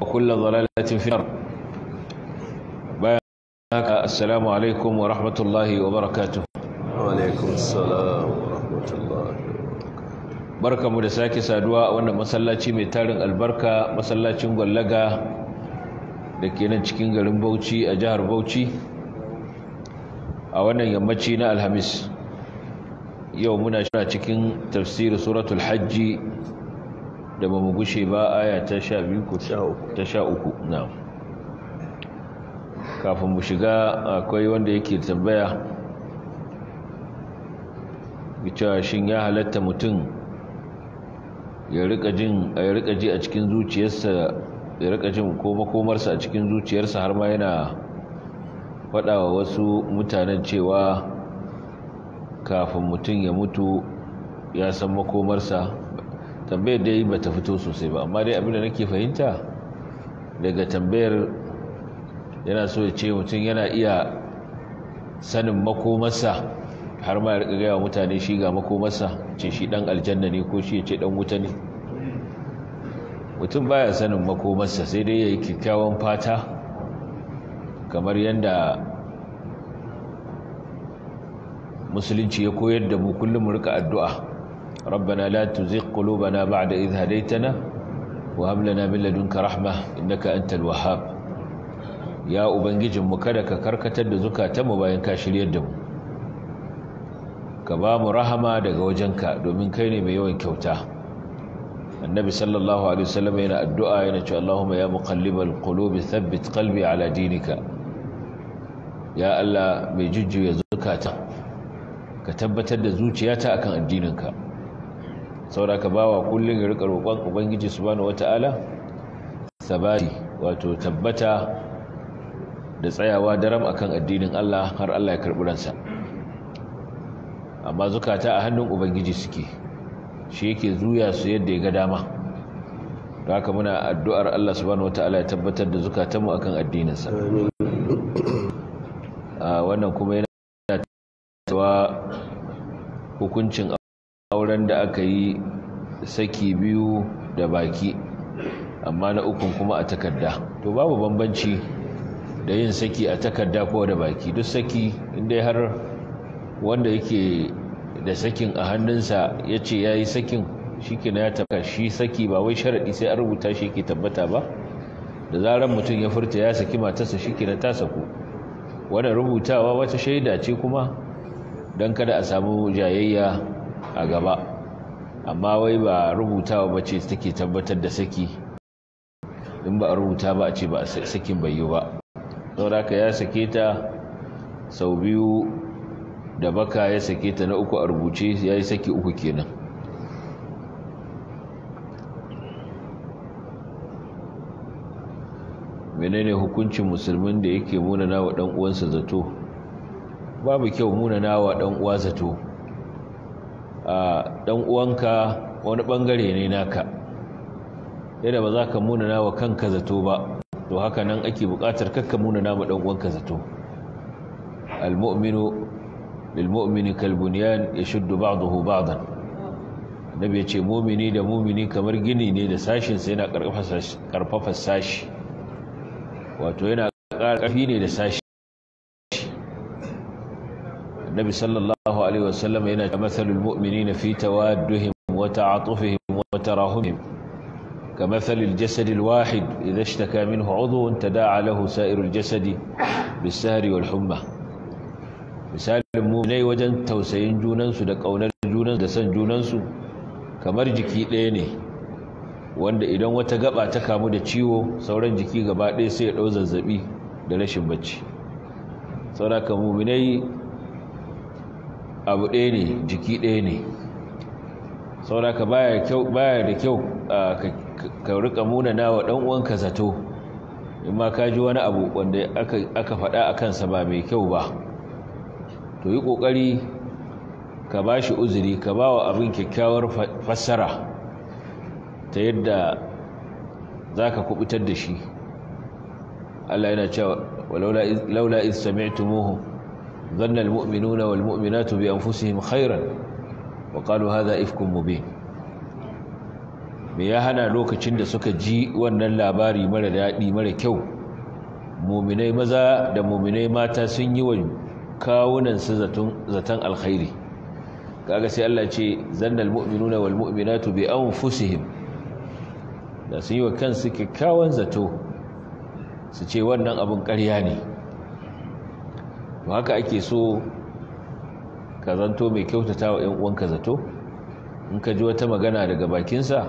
وكل ضلالة في النار السلام عليكم ورحمة الله وبركاته وعليكم السلام ورحمة الله barka mu da sake saduwa a wannan masallaci mai tarin albarka masallacin gwallaga da ke nan cikin garin bauchi a jihar bauchi a wannan yammaci na alhamis yau muna shira cikin tafsirin suratul hajji da ba mu gushe ba aya ta sha biyu ko ta sha uku na kafin mu shiga akwai wanda yake tambaya cewa shin ya halatta mutum ya rika ji a cikin zuciyarsa ya rika jin ko a cikin zuciyarsa har ma yana faɗa wa wasu mutanen cewa kafin mutum ya mutu ya san makomarsa tambayar dai ba ta fito sosai ba amma dai abinda nake fahimta daga tambayar yana so ya ce mutum yana iya sanin makomarsa har ma ya riƙa gaya mutane shi ga makomarsa ce shi ɗan aljanna ne ko shi ya ce ɗan wuta ne mutum baya sanin makomarsa sai dai ya yi kyakkyawan fata kamar yadda musulunci ya koyar da mu kullum mu rika addu'a ربنا لا zai قلوبنا na إذ هديتنا وهب لنا من لدنك رحمة إنك أنت الوهاب يا أوبنجيجمو كدك كركتر da mu bayan ka shiryar da mu ka ba mu rahama daga wajenka domin kai ne mai yawan kyauta Annabi sallallahu alaihi wasallam yana addu'a yana cewa Allahumma ya muqallibal qulubi thabbit qalbi ala dinika ya Allah mai jujjuya zukata ka tabbatar da zuciyata akan addininka saboda ka bawa kullum ya rika roƙon ubangiji subhanahu wata'ala sabati wato tabbata da tsayawa daram akan addinin Allah har Allah ya karɓi ransa amma zukata a hannun ubangiji suke shi yake zuya su yadda ya ga dama don haka muna addu'ar Allah subhanahu wata'ala ya tabbatar da zukatanmu akan addininsa wannan kuma yana cewa hukuncin auren da aka yi saki biyu da baki amma na ukun kuma a takarda to babu bambanci da yin saki a takarda ko da baki duk saki inda har wanda yake da sakin a hannunsa ya ce ya yi sakin shi na ya taka shi saki ba wai sharaɗi sai an rubuta shi ke tabbata ba da zarar mutum ya furta ya saki matarsa shi na ta saku wadda rubutawa wata shaida ce kuma don kada a samu jayayya a gaba amma wai ba rubutawa ba ce take tabbatar da saki in ba rubuta ba a ce ba sakin bai yi ba sauraka ya sake ta sau biyu da baka ya sake ta na uku a rubuce ya yi saki uku kenan menene hukuncin musulmin da yake munana wa ɗan uwansa zato babu kyau munana wa ɗan uwa zato dan uwanka wani bangare ne naka da ba za ka munana wa kanka zato ba to haka nan ake buƙatar kakka munana ma dan uwanka zato almu'minu lilmu'mini kalbunyan yashuddu ba'dahu ba'dan annabi ya ce mumini da mumini kamar gini ne da sashinsa yana ƙarfafa sashi wato yana ƙara ƙarfi ne da sashi النبي صلى الله عليه وسلم إن مثل المؤمنين في توادهم وتعاطفهم وتراهمهم كمثل الجسد الواحد إذا اشتكى منه عضو تداعى له سائر الجسد بالسهر والحمى مثال المؤمنين وجن توسين جونانسو دا قونر جونانسو دا سن جونانسو kamar jiki ɗaya ne wanda idan wata gaba ta kamu da ciwo sauran jiki gaba ɗaya sai ya ɗau zazzaɓi da rashin bacci sauraka muminai abu ɗaya ne jiki ɗaya ne sauraka baya da kyau ka rika munana wa ɗan'uwanka zato in ma ka ji wani abu wanda aka faɗa a kansa ba mai kyau ba to yi ƙoƙari ka ba shi uzuri ka ba wa abin kyakkyawar fassara ta yadda za ka kubutar da shi Allah yana cewa laula iz sami'tumuhu ظن المؤمنون والمؤمنات بأنفسهم خيرا وقالوا هذا إفك مبين me ya hana lokacin da suka ji wannan labari mara daɗi mara kyau muminai maza da muminai mata sun yi wa kawunansu zaton alkhairi kaga sai Allah ce zannal mu'minuna wal mu'minatu bi anfusihim da sun yi wa kansu kyakkyawan zato su ce wannan abin karya ne haka ake so ka zanto mai kyautata wa ‘yan uwanka zato in ka ji wata magana daga bakinsa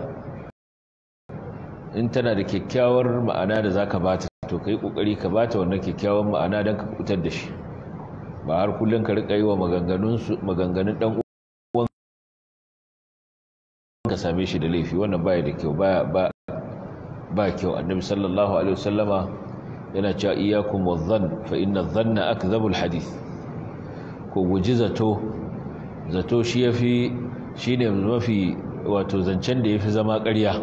in tana da kyakkyawar ma'ana da za ka ba ta to ka yi ƙoƙari ka ba ta wannan kyakkyawar ma'ana don ka kutar da shi ba har kullum ka riƙa yi wa maganganun ɗan uwan ka same shi da laifi wannan baya da kyau ba kyau annabi sallallahu alaihi wasallama yana cewa iyakum wadh-dhann fa inna zanna akdhabu al-hadith ko guji zato zato shi yafi shine mafi wato zancen da ya fi zama ƙarya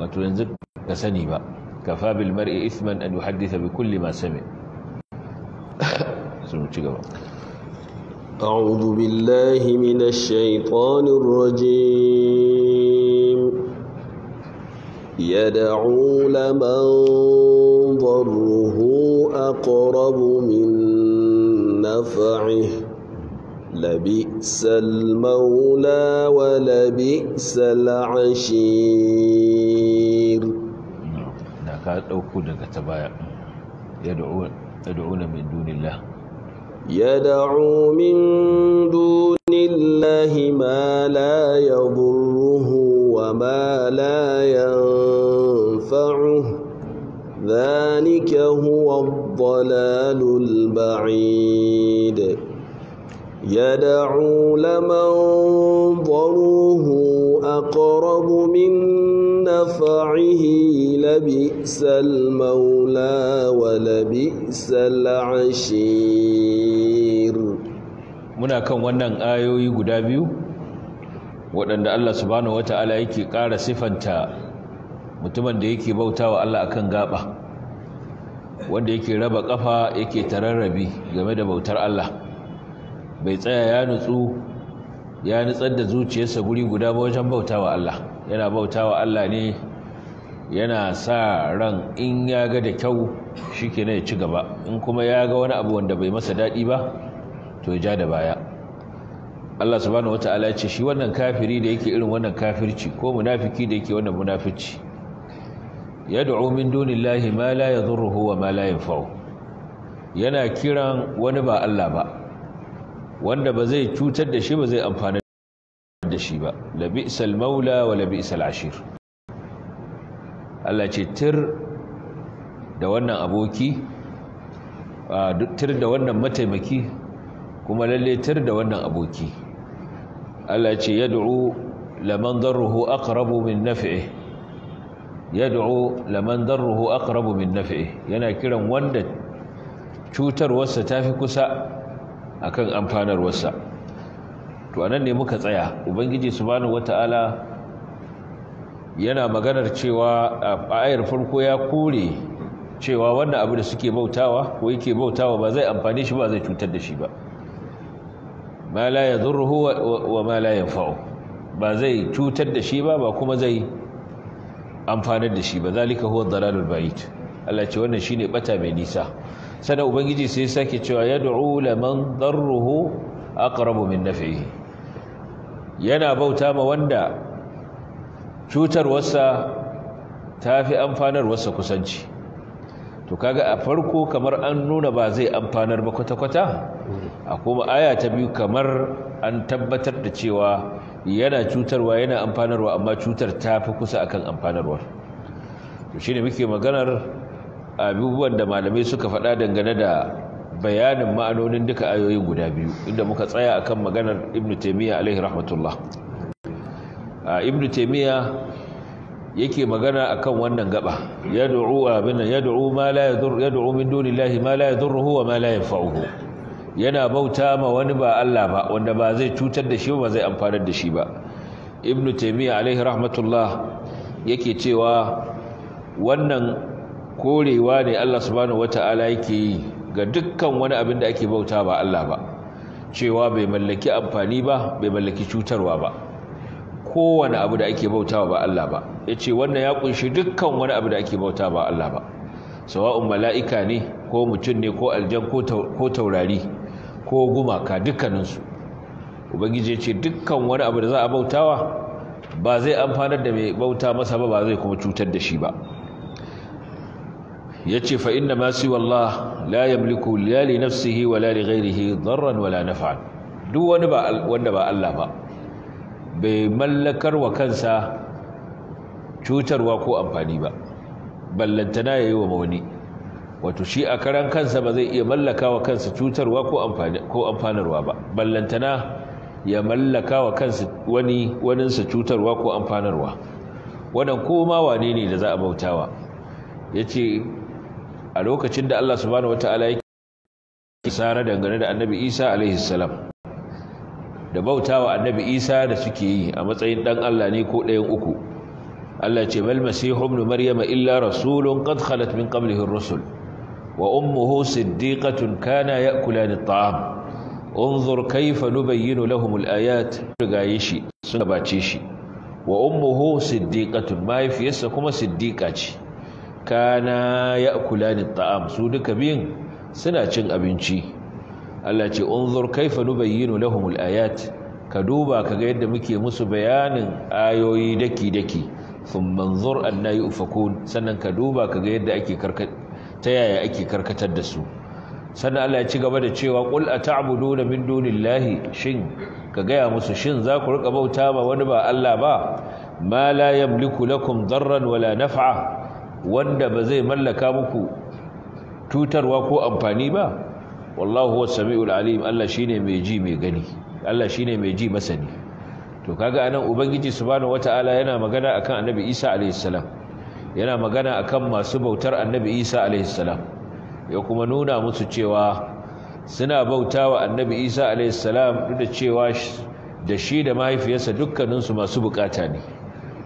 wato yanzu ka sani ba kafa bil mar'i ithman an yuhaddisa bi kulli ma sami sun ci gaba أعوذ بالله من الشيطان الرجيم يدعو لمن ضره أقرب من نفعه لبئس المولى ولبئس العشير ka ɗauko daga ta baya min dunillah yad'u min wa ma ذلك هو الضلال البعيد يدعو لمن ضروه أقرب من نفعه لبئس المولى ولبئس العشير muna kan wannan ayoyi guda biyu waɗanda Allah subhanahu wata'ala yake ƙara sifanta mutumin da yake bautawa Allah akan gaba wanda yake raba kafa yake tararrabi game da bautar Allah bai tsaya ya nutsu ya nutsar da zuciyarsa guri guda ba wajen wa Allah yana bauta wa Allah ne yana sa ran in ya ga da kyau shi ke ya ci gaba in kuma ya ga wani abu wanda bai masa daɗi ba to ya ja da baya Allah subhanahu wataala ya ce shi wannan kafiri da yake irin wannan kafirci ko munafiki da yake wannan munafici yad'u min dunillahi ma la yadhurruhu wa ma la yanfa'u yana kiran wani ba Allah ba wanda ba zai cutar da shi ba zai amfana da shi ba labi'sal maula wa labi'sal ashir Allah ce tir da wannan aboki tir da wannan mataimaki kuma lalle tir da wannan aboki Allah ce yad'u laman darruhu aqrabu min naf'ihi yad'u laman darruhu aqrabu min naf'ihi yana kiran wanda cutarwarsa tafi kusa akan amfanarwarsa to anan ne muka tsaya ubangiji subhanahu wataala yana maganar cewa a ayar farko ya kore cewa wannan abu da suke bautawa ko yake bautawa ba zai amfane shi ba zai cutar da shi ba ma la yadurruhu wa ma la yanfa'u ba zai cutar da shi ba ba kuma zai amfanar da shi ba zalika huwa dalalul ba'id Allah ce wannan shine bata mai nisa sanan ubangiji sai sake cewa yad'u laman darruhu aqrabu min naf'ihi yana bauta ma wanda cutar wasa tafi amfanarwarsa kusanci to kaga a farko kamar an nuna ba zai amfanar ba kwata-kwata a kuma aya ta biyu kamar an tabbatar da cewa yana cutarwa yana amfanarwa amma cutar ta fi kusa akan amfanarwa to ne muke maganar abubuwan da malamai suka faɗa dangane da bayanin ma'anonin duka ayoyin guda biyu inda muka tsaya akan maganar ibnu taymiya alaihi rahmatullah ibnu taymiya yake magana akan wannan gaba yad'u abinna yad'u ma la yad'u min dunillahi ma la yadurruhu wa ma la yanfa'uhu yana bauta ma wani ba Allah ba wanda ba zai cutar da shi ba zai amfanar da shi ba ibn taymiya alaihi rahmatullah yake cewa wannan korewa ne Allah subhanahu wataala yake yi ga dukkan wani abin da ake bauta ba Allah ba cewa bai mallaki amfani ba bai mallaki cutarwa ba kowane abu da ake bauta ba Allah ba yace wannan ya kunshi dukkan wani abu da ake bauta ba Allah ba sawa'un mala'ika ne ko mutum ne ko aljan ko taurari ko gumaka dukkaninsu ubangiji ya ce dukkan wani abu da za a bautawa ba zai amfanar da mai bauta masa ba ba zai kuma cutar da shi ba ya ce fa'in da masu wallah la yamliku la li nafsihi wa la li ghairihi wa la duk wani wanda ba Allah ba bai mallakar wa kansa cutarwa ko amfani ba ballantana yi wa wani wato shi a karan kansa ba zai iya mallaka wa kansa cutarwa ko amfanarwa ba ballantana ya mallaka wa kansa wani waninsa cutarwa ko amfanarwa wannan koma wane ne da za a bautawa ya ce a lokacin da allah subhanahu wa ta'ala ya kisara dangane da annabi isa alaihi da bautawa annabi isa da suke yi a matsayin dan allah ne ko ɗayan uku allah ce bal masihu ibn maryama illa rasulun qad khalat min qablihi ar-rusul وأمه صديقة كانا يأكلان الطعام انظر كيف نبين لهم الآيات رغايشي سنباتيشي وأمه صديقة ما يفيس كما صديقة كانا يأكلان الطعام سودك بين سنة أبنشي التي انظر كيف نبين لهم الآيات كدوبا كغير مكي مسو بيان آيوي دكي دكي ثم انظر أن يؤفكون سنن كدوبا كغير أكي كركت ta yaya ake karkatar da su sannan Allah ya ci gaba da cewa qul ata'buduna min dunillahi shin ka gaya musu shin za ku rika bauta ba wani ba Allah ba ma la yamliku lakum darran wala naf'a wanda ba zai mallaka muku tutarwa ko amfani ba wallahu was samiul alim Allah shine mai ji mai gani Allah shine mai ji masani to kaga anan ubangiji subhanahu wataala yana magana akan annabi Isa alayhi salam yana magana a kan masu bautar annabi isa alaihissalam ya kuma nuna musu cewa suna bautawa annabi isa alaihissalam duk da cewa da shi da mahaifiyarsa dukkaninsu masu bukata ne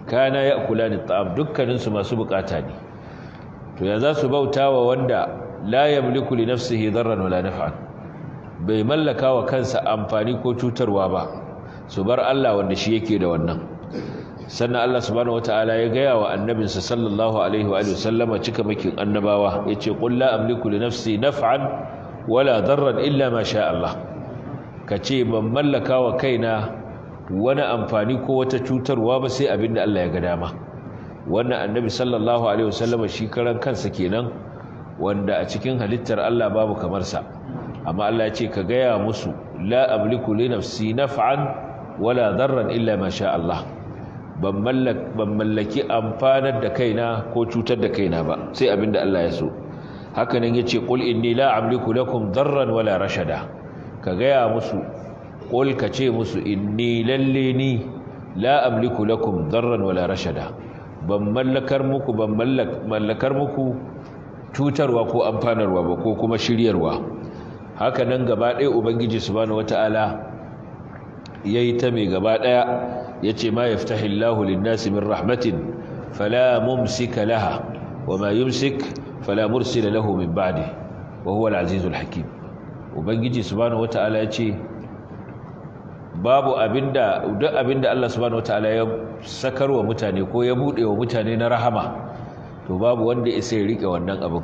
kana ya kula da ta'am dukkaninsu masu bukata ne to ya za su bautawa wanda la yamliku li nafsihi darran wala naf'an bai mallaka wa kansa amfani ko cutarwa ba su bar Allah wanda shi yake da wannan sannan Allah subhanahu wataala ya gaya wa annabinsa sallallahu alaihi wa sallama cika makin annabawa yace qul la amliku li nafsi naf'an wala darran illa ma sha Allah kace ban mallaka wa kaina wani amfani ko wata cutarwa ba sai abin da Allah ya ga dama wannan annabi sallallahu alaihi wasallama shi karan kansa kenan wanda a cikin halittar Allah babu kamar sa amma Allah ya ce ka gaya musu la amliku li nafsi naf'an wala darran illa ma sha Allah ban mallaki amfanar da kaina ko cutar da kaina ba sai abin da Allah ya so hakanan nan yace qul inni la amliku lakum darran wala rashada ka gaya musu qul ka ce musu inni lalle ni la amliku lakum darran wala rashada ban mallakar muku ban mallakar muku cutarwa ko amfanarwa ba ko kuma shiryarwa haka nan gaba ɗaya ubangiji subhanahu wataala yi ta mai gaba daya yace ma ya fita nasi min rahmatin fala mumsika laha wama yumsik fala mursila lahu min ba'di wa huwa al hakim ubangiji subhanahu wataala ce babu abinda duk abinda Allah subhanahu wataala ya sakarwa mutane ko ya bude wa mutane na rahama to babu wanda ya sai rike wannan abin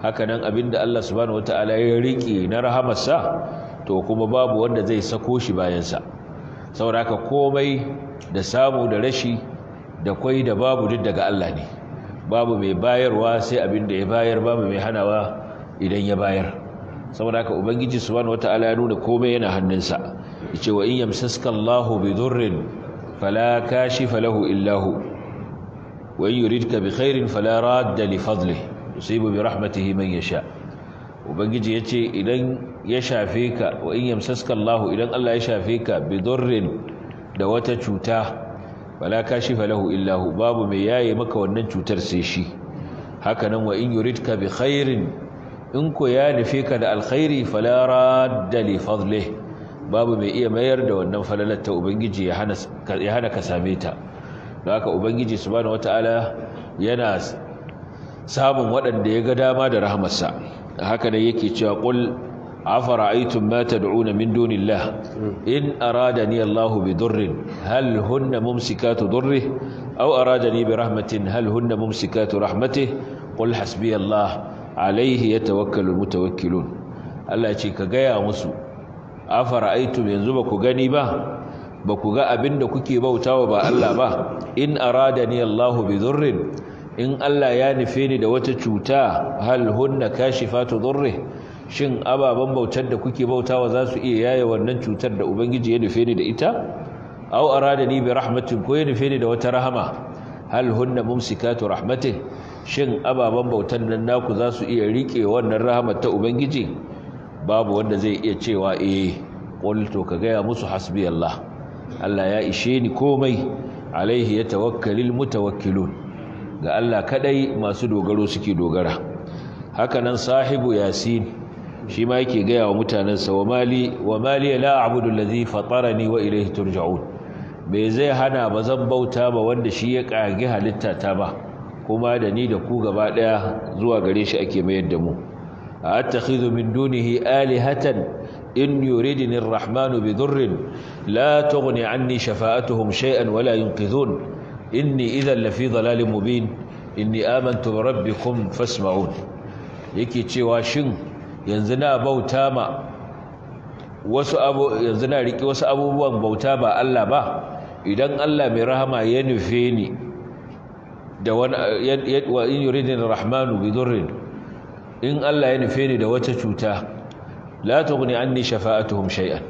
hakanan nan abinda Allah subhanahu wataala ya rike na rahamarsa to kuma babu wanda zai sako shi bayansa sauraka komai da samu da rashi da kwai da babu duk daga Allah ne babu mai bayarwa sai abin da ya bayar babu mai hanawa idan ya bayar saboda haka ubangiji subhanahu wataala ya nuna komai yana hannunsa yace wa in yamsaska Allahu bi dhurrin fala kashifa lahu illa hu wa in yuridka bi khairin fala radda li fadlihi yusibu bi rahmatihi man yasha ubangiji yace idan ya shafe ka wa in yamsaska idan Allah ya shafe ka bidurrin da wata cuta wala kashifa lahu illahu babu mai yaye maka wannan cutar sai shi hakanan wa in yuridka bi khairin in ko ya nufe ka da alkhairi fala radda li fadlih babu mai iya mayar da wannan falalar ta ubangiji ya hana ka same ta don haka ubangiji subhanahu wataala yana samun waɗanda ya ga dama da rahmarsa haka nan yake cewa qul afara'aytum ma tad'una min dunillah in aradani Allahu bi durrin hal hunna mumsikatu durrihi aw aradani bi rahmatin hal hunna mumsikatu rahmatihi qul hasbi Allah alayhi yatawakkalu mutawakkilun Allah ce ka gaya musu afara'aytum yanzu ba ku gani ba ba ku ga abin da kuke bautawa ba Allah ba in aradani Allahu bi durrin in Allah ya nufe ni da wata cuta hal hunna kashifatu durrihi shin ababen bautar da kuke bautawa za su iya yaye wannan cutar da ubangiji ya nufe ni da ita Au aw ni bi rahmatin ko ya nufe ni da wata rahama hal hunna mumsikatu rahmatin. shin ababen bautar nan naku za su iya rike wannan rahama ta ubangiji babu wanda zai iya cewa eh qul to ka gaya musu hasbi Allah Allah ya ishe ni komai alaihi ya yatawakkalul mutawakkilun ga Allah kadai masu dogaro suke dogara haka nan sahibu yasin shi ma yake gaya wa mutanensa wa mali wa mali la a'budu allazi fatarani wa ilayhi turja'un me zai hana ba zan bauta ba wanda shi ya kage halitta ta ba kuma da ni da ku gaba daya zuwa gare shi ake mayar da mu attakhidhu min dunihi alihatan in yuridni arrahmanu bidurrin la tughni anni shafa'atuhum shay'an wa la yunqidhun inni idhan lafi dhalalin mubin inni amantu rabbikum fasma'un yake cewa shin yanzu na bauta ma wasu abu yanzu na riƙe wasu abubuwan bauta ba Allah ba idan Allah mai rahama ya nufe ni da wani wa in yuridin rahmanu bidurrin in Allah ya nufe ni da wata cuta la tughni anni shafa'atuhum shay'an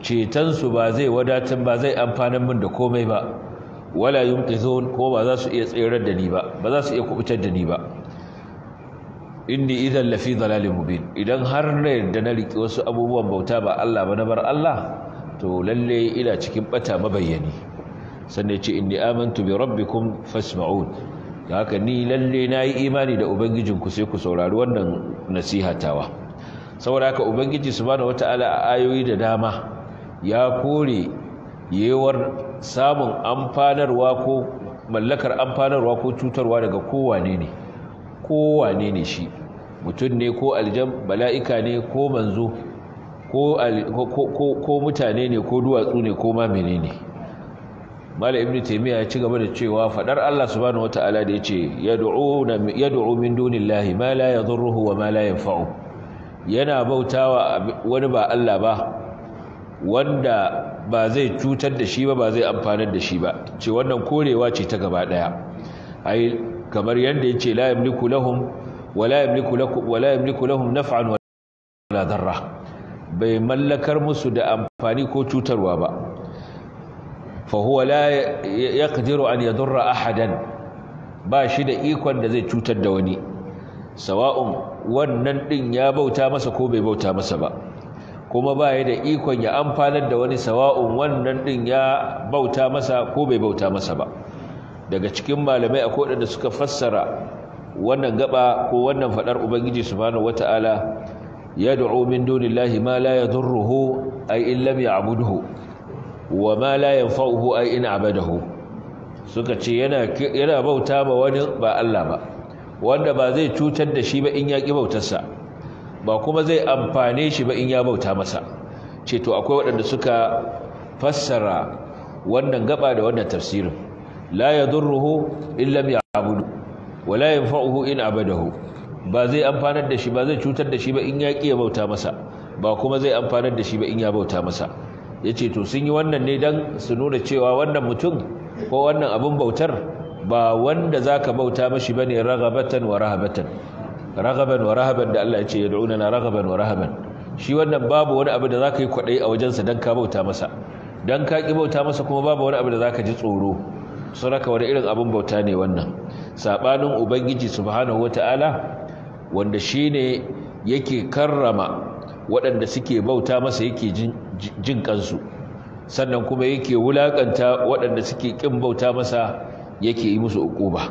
cetan su ba zai wadatun ba zai amfanar min da komai ba wala yunqizun ko ba za su iya tsirar da ni ba ba za su iya kubutar da ni ba inni idan lafi dalalin mubin idan har na yarda na riƙe wasu abubuwan bauta ba Allah ba na bar Allah to lalle ina cikin bata mabayyani sannan ce inni amantu bi rabbikum fasma'un da haka ni lalle na yi imani da ubangijinku sai ku saurari wannan nasihatawa saboda haka ubangiji subhanahu wataala a ayoyi da dama ya kore yewar samun amfanarwa ko mallakar amfanarwa ko cutarwa daga kowane ne kowane ne shi mutum ne ko aljan bala'ika ne ko manzo ko mutane ne ko duwatsu ne ko mamini ne mala ibn taimiyya ya ci gaba da cewa fadar Allah su bani wata ala da ce ya da'o min lahi ma la yadhurruhu wa ma la yana bautawa wani ba Allah ba wanda ba zai cutar da shi ba ba zai amfanar da shi ba ce wannan korewa ce ta gaba daya kamar yadda ya ce yamliku lahum wala yamliku lakum wala yamliku wala bai mallakar musu da amfani ko cutarwa ba fa huwa la yaqdiru an yadurra ahadan ba shi da ikon da zai cutar da wani sawa'un wannan din ya bauta masa ko bai bauta masa ba kuma ba ya da ikon ya amfanar da wani sawa'un wannan din ya bauta masa ko bai bauta masa ba daga cikin malamai akwai waɗanda suka fassara wannan gaba ko wannan faɗar ubangiji subhanahu wata'ala yad'u min dunillahi ma la yadurruhu ay in lam ya'budhu wa ma la yanfa'uhu ay in abadahu suka ce yana yana bauta ba wani ba Allah ba wanda ba zai cutar da shi ba in ya ki bautarsa ba kuma zai amfane shi ba in ya bauta masa ce to akwai waɗanda suka fassara wannan gaba da wannan tafsirin la ruhu in lam ya'budu wa la yanfa'uhu in abadahu ba zai amfanar da shi ba zai cutar da shi ba in ya ƙi ya bauta masa ba kuma zai amfanar da shi ba in ya bauta masa yace to sun yi wannan ne dan su nuna cewa wannan mutum ko wannan abin bautar ba wanda zaka bauta mashi bane ragabatan wa rahabatan ragaban wa rahaban da Allah ya ce yad'una na ragaban wa rahaban shi wannan babu wani abu da zaka yi a wajensa ka bauta masa ka bauta masa kuma babu wani abu da zaka ji tsoro suraka wani irin abin bauta ne wannan sabanin ubangiji subhanahu wataala wanda shine yake karrama waɗanda suke bauta masa yake jin kansu sannan kuma yake wulakanta waɗanda suke ƙin bauta masa yake yi musu ukuba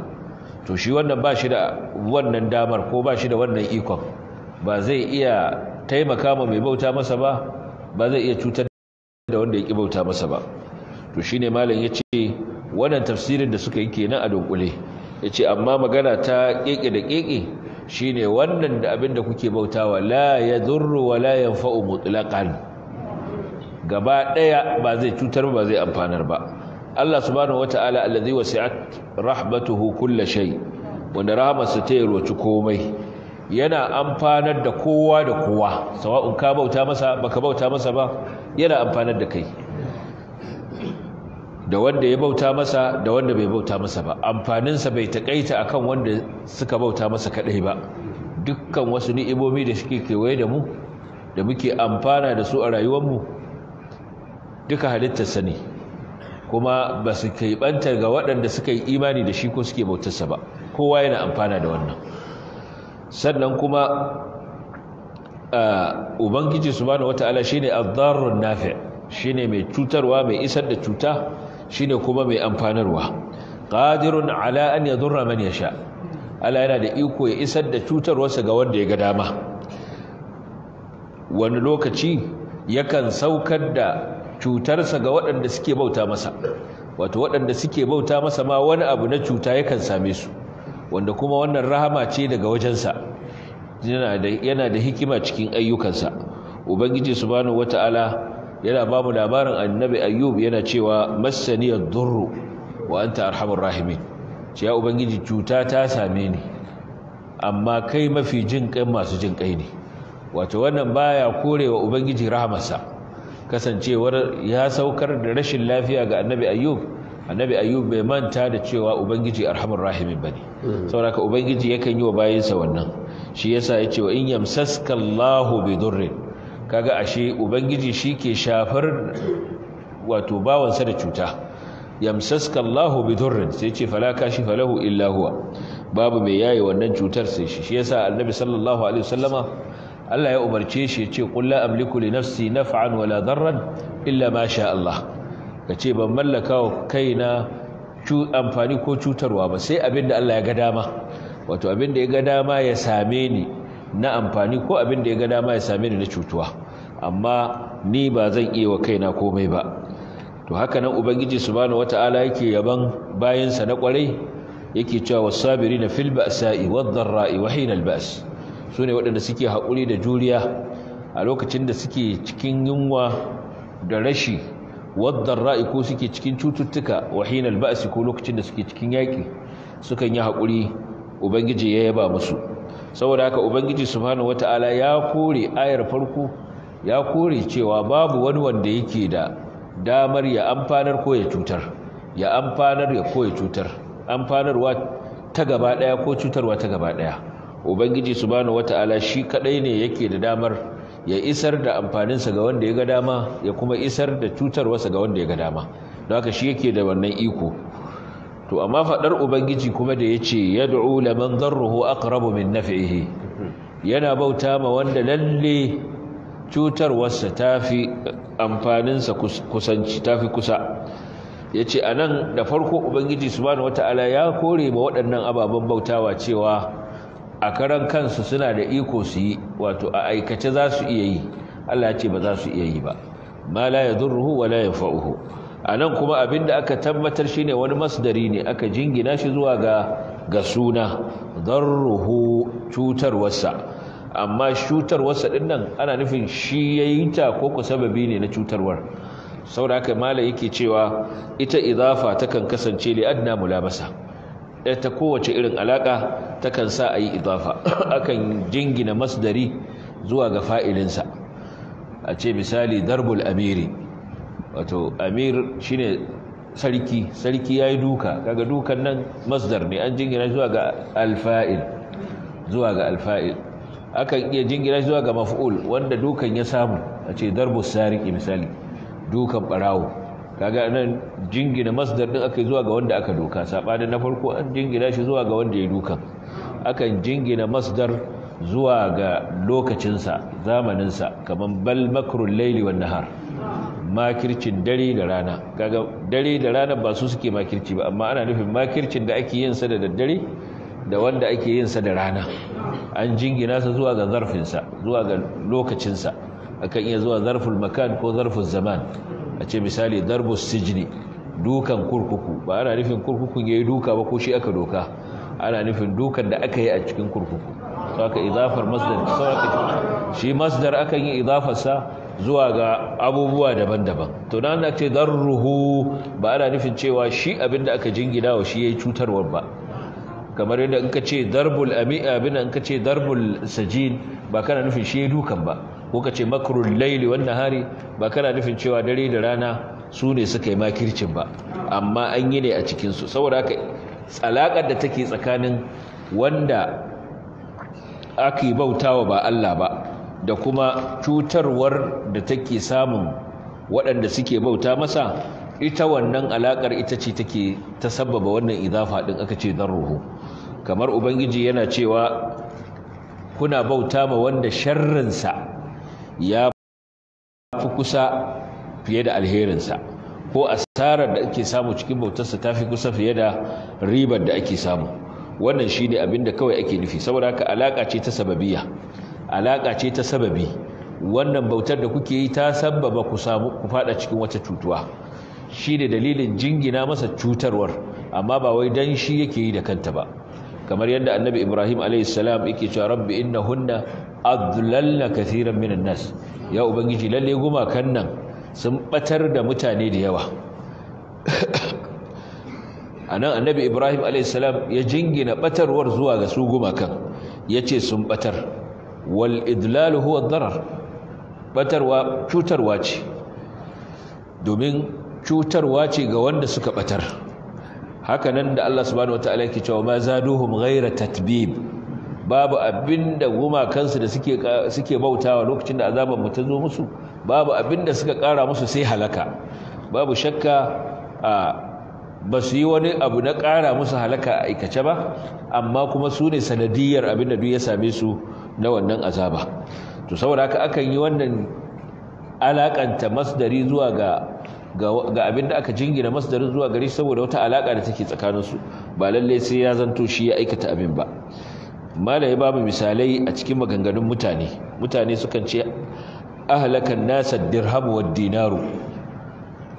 to shi wannan ba shi da wannan damar ko ba shi da wannan ikon ba zai iya taimaka ma mai bauta masa ba ba zai iya cutar da wanda ya ki bauta masa ba to shine malam ce. wannan tafsirin da suka yi kenan a dunkule yace amma magana ta ƙeƙe da shi shine wannan da abin da kuke bautawa la yadurru wa la yanfa'u mutlaqan gaba ɗaya ba zai cutar ba zai amfanar ba Allah subhanahu wataala allazi wasi'at rahmatuhu kulla shay wanda rahmarsa ta yarwaci komai yana amfanar da kowa da kowa sawa'un ka bauta masa baka bauta masa ba yana amfanar da kai da wanda ya bauta masa da wanda bai bauta masa ba amfaninsa bai taƙaita kan wanda suka bauta masa kaɗai ba dukkan wasu ni'imomi da suke kewaye da mu da muke amfana da su a rayuwarmu duka halittarsa ne kuma ba su keɓanta ga waɗanda suka yi imani da shi ko suke bautarsa ba kowa yana amfana da wannan sannan kuma ubangiji su wata ala shine ad-darrun nafi' shine mai cutarwa mai isar da cuta shine kuma mai amfanarwa qadirun ala an yadurra man yasha Allah yana da iko ya isar da cutarwarsa ga wanda ya ga dama wani lokaci yakan saukar da cutarsa ga waɗanda suke bauta masa wato waɗanda suke bauta masa ma wani abu na cuta yakan same su wanda kuma wannan rahama ce daga wajensa yana da hikima cikin ayyukansa ubangiji subhanahu wataala yana ba mu labarin annabi ayyub yana cewa masaniyar durru wa ta arhamur rahimin ce ya ubangiji cuta ta same ni amma kai mafi jin kai masu jin kai ne wato wannan baya korewa ubangiji rahamarsa kasancewar ya saukar da rashin lafiya ga annabi ayyub annabi ayyub bai manta da cewa ubangiji arhamur rahimin ba ne saboda ubangiji yakan yi wa bayansa wannan shi yasa ce wa in yamsaskallahu Allahu bi durrin kaga ashe ubangiji shi ke shafar wato bawansa da cuta yamsaska Allahu bidurrin sai ce fala kashifa Falahu illa huwa babu mai yayi wannan cutar sai shi shi yasa annabi sallallahu alaihi wasallama Allah ya umarce shi ya ce qul la amliku li nafsi naf'an wala darran illa ma sha Allah kace ban mallaka wa kaina amfani ko cutarwa ba sai abinda Allah ya ga dama wato abinda ya ga dama ya same ni na amfani ko abin da ya ga dama ya same ni na cutuwa amma ni ba zan iya wa kaina komai ba to haka nan ubangiji subhanahu wataala yake yaban bayansa na kwarai yake cewa wasabirina fil ba'sa'i wadh-dharra'i wa hina al-ba's sune waɗanda suke haƙuri da juriya a lokacin da suke cikin yunwa da rashi wadh-dharra'i ko suke cikin cututtuka wa hina al-ba's ko lokacin da suke cikin yaƙi sukan yi haƙuri ubangiji ya yaba musu saboda haka ubangiji subhanahu wataala ya kore ayar farko ya kore cewa babu wani wanda yake da damar ya amfanar ko ya cutar ya amfanar ya ko ya cutar amfanarwa ta gaba daya ko cutarwa ta gaba daya ubangiji subhanahu wataala shi kadai ne yake da damar ya isar da amfanin amfaninsa ga wanda ya ga dama ya kuma isar da cutarwa sa ga wanda ya ga dama don haka shi yake da wannan iko to amma faɗar ubangiji kuma da ya ce yad'u laman darruhu aqrabu min naf'ihi yana bauta ma wanda lalle cutarwarsa tafi amfaninsa kusanci tafi kusa ya ce a nan da farko ubangiji subhanahu wata'ala ya kore ma waɗannan ababen bautawa cewa a karan kansu suna da iko su yi wato a aikace za su iya yi allah ce ba za su iya yi ba ma la yadurruhu wa la yanfa'uhu A nan kuma abin da aka tabbatar shine wani masdari ne aka jingina shi zuwa ga ga suna darruhu cutarwarsa amma cutarwarsa din nan ana nufin shi yi ta ko ku sababi ne na cutarwar saboda haka mala yake cewa ita idafa takan kasance li adna mulamasa ta kowace irin alaƙa takan sa a ayi idafa akan jingina masdari zuwa ga fa'ilinsa a ce misali darbul amiri wato amir shine sarki sarki yayi duka kaga dukan nan masdar ne an jingina zuwa ga alfa'il zuwa ga alfa'il akan iya jingina zuwa ga maf'ul wanda dukan ya samu a ce darbus sariki misali dukan barawo kaga nan jingina masdar din aka zuwa ga wanda aka doka sabanin na farko an jingina shi zuwa ga wanda ya dukan akan jingina masdar zuwa ga lokacinsa zamaninsa kamar bal makrul laili wan nahar makircin dare da rana kaga dare da rana ba su suke makirci ba amma ana nufin makircin da ake yin sa da daddare da wanda ake yin sa da rana an jingina sa zuwa ga zarfin sa zuwa ga lokacin sa akan iya zuwa zarful makan ko zarful zaman a ce misali darbu sijni dukan kurkuku ba ana nufin kurkukun yayi duka ba ko shi aka doka ana nufin dukan da aka yi a cikin kurkuku saka idafar masdar saka shi masdar akan yi idafar sa zuwa ga abubuwa daban-daban to na da ce darruhu ba ana nufin cewa shi abinda aka jingina wa shi ya yi cutarwar ba kamar yadda in ka ce darbul ami'a abinda in ka ce darbul sajin ba kana nufin shi ya dukan ba ko ka ce makarun laili wannan hari, ba kana nufin cewa dare da rana su ne suka yi makircin ba amma an yi ne a cikinsu, su saboda haka alakar da take tsakanin wanda ake bautawa ba Allah ba da kuma cutarwar da take samun waɗanda suke bauta masa ita wannan alaƙar ita ce take ta sababa wannan idafa ɗin aka ce roho, kamar ubangiji yana cewa kuna bauta ma wanda sharrinsa ya fi kusa fiye da alherinsa ko asarar da ake samu cikin bautarsa ta fi kusa fiye da ribar da ake samu wannan shi ne abin da kawai ake nufi saboda haka alaƙa ce ta sababiya alaƙa ce ta sababi wannan bautar da kuke yi ta sababa ku samu ku fada cikin wata cutuwa shi ne dalilin jingina masa cutarwar amma ba wai dan shi yake yi da kanta ba kamar yadda annabi ibrahim alaihissalam yake cewa rabbi hunna adlalna kathiran minan nas ya ubangiji lalle gumakan nan sun batar da mutane da yawa anan annabi ibrahim alaihissalam ya jingina batarwar zuwa ga su gumakan yace sun batar wal idlalu huwa darar batarwa cutarwa ce domin cutarwa ce ga wanda suka batar haka nan da Allah subhanahu wataala yake cewa ma duhun ghayra tatbib babu abinda gumakansu da suke bautawa lokacin da azaban mu ta zo musu babu abinda suka kara musu sai halaka babu shakka a ba su yi wani abu na kara musu halaka a aikace ba amma kuma su ne sanadiyar abinda duk ya same su na wannan azaba to saboda haka akan yi wannan alakanta masdari zuwa ga ga abin da aka jingina masdarin zuwa gari saboda wata alaka da take tsakaninsu ba lalle sai ya zanto shi ya aikata abin ba malai babu misalai a cikin maganganun mutane mutane sukan ce ahlakan nasa dirham wa dinaru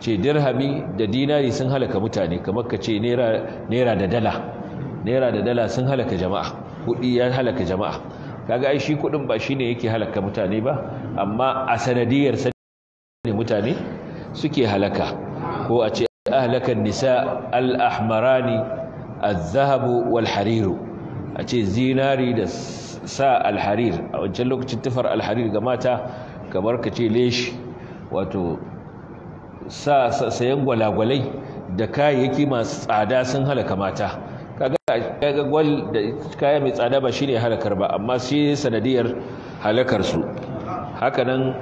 ce dirhami da dinari sun halaka mutane kamar ka ce naira da dala naira da dala sun halaka jama'a kuɗi ya halaka jama'a kaga ai shi kuɗin ba shine yake halaka mutane ba amma a sanadiyar ne mutane suke halaka ko a ce ahlakan nisa al-ahmarani al-zahabu wal-hariru a ce zinari da sa al-harir a wancan lokacin tufar al-harir ga mata kamar ka ce leshi wato sa sayan gwalagwalai da kayayyaki masu tsada sun halaka mata kaga gwal da kaya mai tsada ba shine halakar ba amma shi sanadiyar halakar su hakanan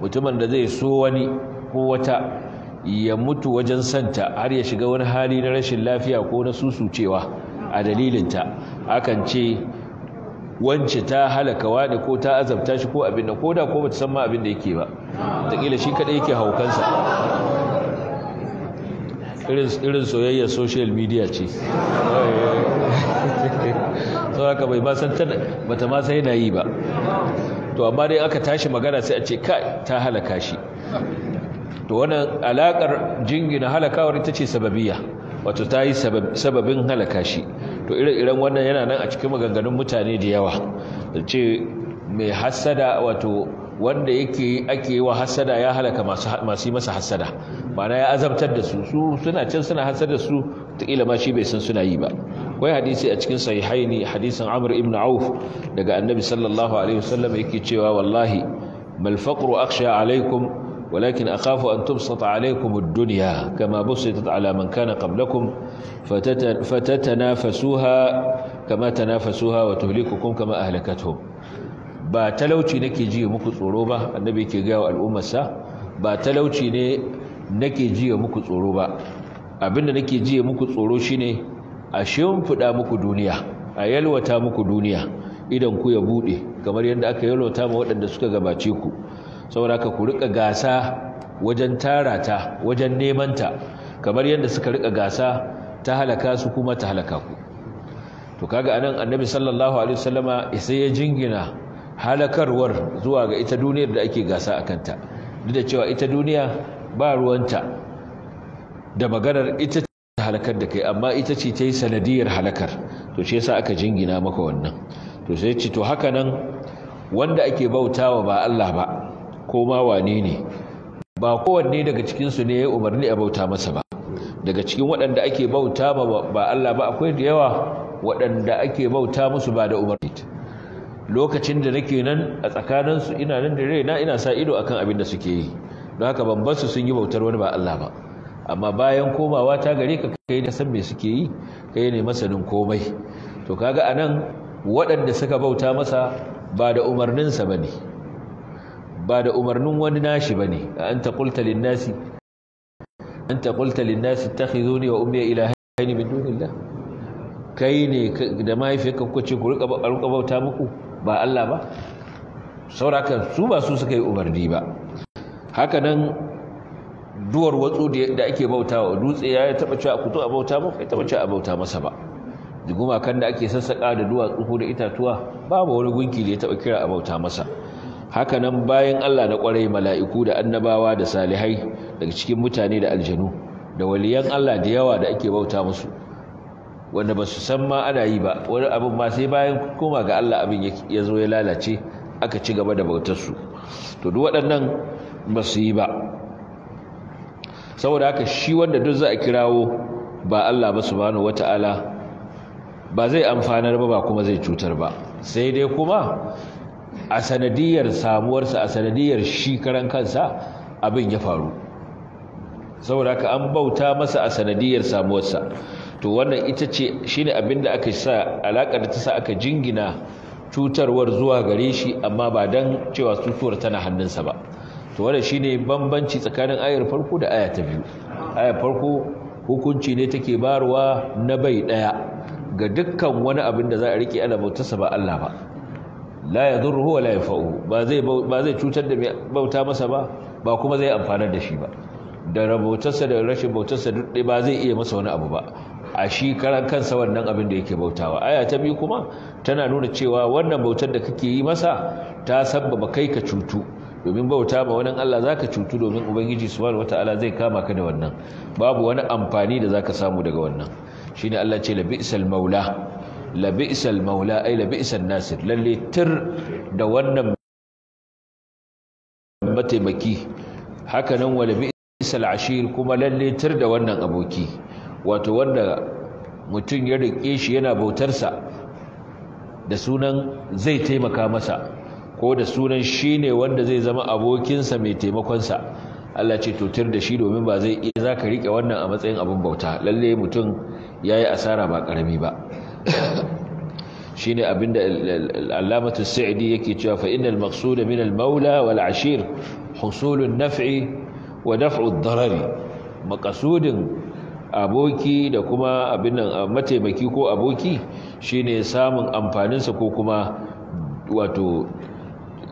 mutumin da zai so wani ko wata ya mutu wajen santa har ya shiga wani hali na rashin lafiya ko na susucewa a dalilinta akan ce wance ta halaka wani ko ta azabta shi ko abin da ko ko bata san ma abin da yake ba takila shi kadai yake haukansa irin soyayyar social media ce sau haka bai ba san ma sai yana yi ba to amma dai aka tashi magana sai a ce kai ta halaka shi to wannan alakar jingina halakawar ita ce sababiyya wato ta yi sababin halaka shi to ire-iren wannan yana nan a cikin maganganun mutane da yawa da ce mai hassada wato wanda yake ake wa hassada ya halaka masu yi masa hassada mana ya azabtar da su su suna can suna hassada su ta ma shi bai san suna yi ba akwai hadisi a cikin sahihaini hadisin amr ibn auf daga annabi sallallahu alaihi wasallam yake cewa wallahi mal faqru akhsha alaikum ولكن أخاف أن تبسط عليكم الدنيا كما بسطت على من كان قبلكم فتتنافسوها كما wa وتهلككم كما أهلكتهم ba talauci nake ji muku tsoro ba annabi yake ga sa. ba talauci ne nake ji muku tsoro ba abinda nake ji muku tsoro shine a shimfiɗa muku duniya a yalwata muku duniya idan ku ya buɗe kamar yadda aka yalwata ma waɗanda suka gabace ku saboda haka ku riƙa gasa wajen tara ta wajen neman ta kamar yadda suka riƙa gasa ta halaka su kuma ta halaka ku to kaga anan annabi sallallahu alaihi wasallama sai ya jingina halakarwar zuwa ga ita duniyar da ake gasa a kanta duk da cewa ita duniya ba ruwanta da maganar ita halakar da kai amma ita ce ta yi sanadiyar halakar to shi yasa aka jingina maka wannan to sai ce to haka nan wanda ake bautawa ba Allah ba ko ma wane ne ba kowanne daga cikin su ne ya umarni a bauta masa ba daga cikin waɗanda ake bauta ba Allah ba akwai da yawa waɗanda ake bauta musu ba da umarni lokacin da nake nan a tsakaninsu ina nan da raina ina sa ido akan abin da suke yi don haka ban su sun yi bautar wani ba Allah ba amma bayan komawa ta gare ka kai da san me suke yi kai ne masanin komai to kaga anan waɗanda suka bauta masa ba da umarninsa bane ba da umarnin wani nashi bane anta qulta lin nasi anta qulta lin nasi ittakhizuni wa ummi ilahayn min dunillah kai ne da mahaifiyarka kuka ce ku rika bauta muku ba Allah ba sauraka su ba su suka yi umarni ba haka nan duwar watsu da ake bautawa dutse ya yi taba cewa kuto a bauta ba ya taba cewa a bauta masa ba gumakan da ake sassaƙa da duwa duwatsu da itatuwa babu wani gunki da ya taba kira a bauta masa hakanan bayan Allah na kwarai mala'iku da annabawa da salihai daga cikin mutane da aljanu da waliyan Allah da yawa da ake bauta musu wanda ba su san ma ana yi ba wani abin ma sai bayan koma ga Allah abin ya zo ya lalace aka ci gaba da bautarsu to duk waɗannan ba su yi ba saboda haka shi wanda duk za a kirawo ba Allah ba subhanahu wata'ala ba zai amfanar ba ba kuma zai cutar ba sai dai kuma a sanadiyar samuwarsa a sanadiyar shi karan kansa abin ya faru saboda haka an bauta masa a sanadiyar samuwarsa to wannan ita ce shine abin da aka sa alakar da ta sa aka jingina cutarwar zuwa gare shi amma ba don cewa cutuwar tana hannunsa ba to wannan shine bambanci tsakanin ayar farko da aya ta biyu ayar farko hukunci ne take barwa na bai ɗaya ga dukkan wani abin da za a rike ana bautarsa ba Allah ba la zurru wa la yanfa'u ba ba zai cutar da bauta masa ba ba kuma zai amfana da shi ba da rabautarsa da rashin bautarsa duk ba zai iya masa wani abu ba a shi karan kansa wannan abin da yake bautawa aya ta biyu kuma tana nuna cewa wannan bautar da kake yi masa ta sabbaba kai ka cutu domin bauta ma wani Allah ka cutu domin ubangiji subhanahu ala zai kama ka da wannan babu wani amfani da za ka samu daga wannan shine Allah ce la maula la maula ai la nasir lalle da wannan mataimaki haka wa la ashir kuma lalle tir da wannan aboki wato wanda mutum ya rike shi yana bautarsa da sunan zai taimaka masa ko da sunan shi ne wanda zai zama abokinsa mai taimakonsa Allah ce tutar da shi domin ba zai iya zaka rike wannan a matsayin abin bauta lalle mutum ya yi asara ba karami ba shi ne da alamatu sa'idi yake cewa fa inal maqsuda min al-maula wal ashir husulun naf'i wa daf'u darari maqsudin aboki da kuma abin nan mataimaki ko aboki shine samun amfaninsa ko kuma wato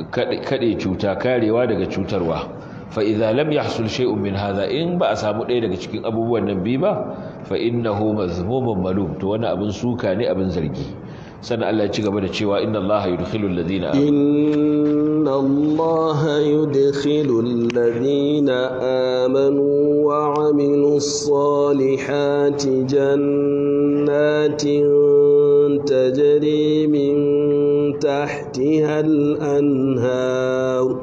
kaɗe cuta karewa daga cutarwa fa idza lam yahsul shay'un min hadha in ba a samu ɗaya daga cikin abubuwan nan biyu ba fa innahu mazmumun malum to wani abin suka ne abin zargi سنة الله يجيب ونشيوا إن الله يدخل الذين آمنوا إن الله يدخل الذين آمنوا وعملوا الصالحات جنات تجري من تحتها الأنهار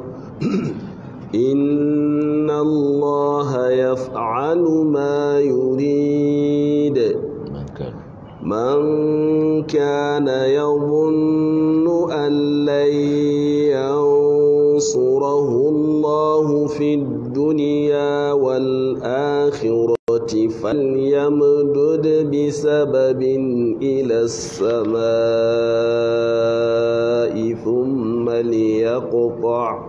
إن الله يفعل ما يريد من كان كان يظن أن لن ينصره الله في الدنيا والآخرة فليمدد بسبب إلى السماء ثم ليقطع